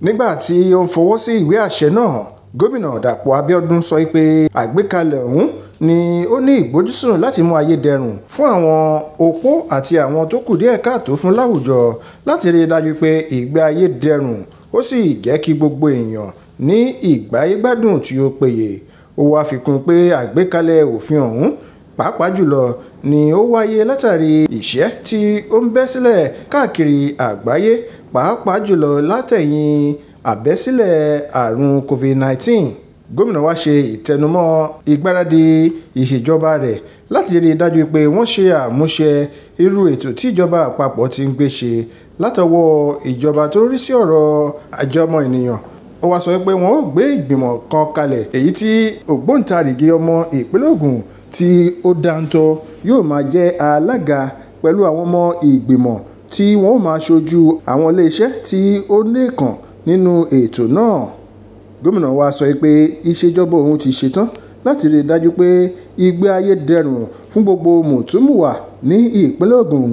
nígbà tí ó ń fọwọ́ sí ìwé àṣẹ náà gómìnà dàpọ̀ abíọ́dún sọ pé àgbékalẹ̀ ọ̀hún ni ó ní ìgbójúsùn láti mú ayé dẹrùn fún àwọn opó àti àwọn tó kù díẹ̀ káàtó fún láwùjọ láti rí i dájú pé ìgbé ayé dẹrùn ó sì jẹ́ kí gbogbo èèyàn ní ìgbáyégbádùn tí ó péye ó wáá fi kún pé àgbékalẹ̀ òfin ọ̀hún pàápàá jùlọ ni ó wáyé látàrí ìṣẹ́ tí ó ń bẹ́ sílẹ̀ káàkiri àgbáyé pàápàá jùlọ látẹ̀yìn àbẹ́sílẹ̀ àrùn covid-19 gómìnà wa ṣe ìtẹnumọ́ ìgbáradì ìṣèjọba rẹ̀ láti rí i dájú pé wọ́n ṣe àmúṣe irú ètò tí ìjọba àpapọ̀ ti ń gbé ṣe látọwọ́ ìjọba tó ń rí sí ọ̀rọ̀ àjọmọ́ ènìyàn ó wá sọ pé wọn ó gbé ìgbìmọ̀ kan kalẹ̀ èyí tí ògbóǹtarìgì ọmọ ìpínlẹ̀ Ògùn tí ó dáńtọ́ yóò máa jẹ́ alága pẹ̀lú àwọn ọmọ ìgbìmọ̀ tí wọ́n máa ṣojú àwọn iléeṣẹ́ tí ó lékàn nínú ètò náà gómìnà wa sọ pé ìṣèjọba òun ti ṣetán láti rí i dájú pé ìgbé ayé dẹrùn fún gbogbo mùtúmùwà ní ìpínlẹ̀ Ògùn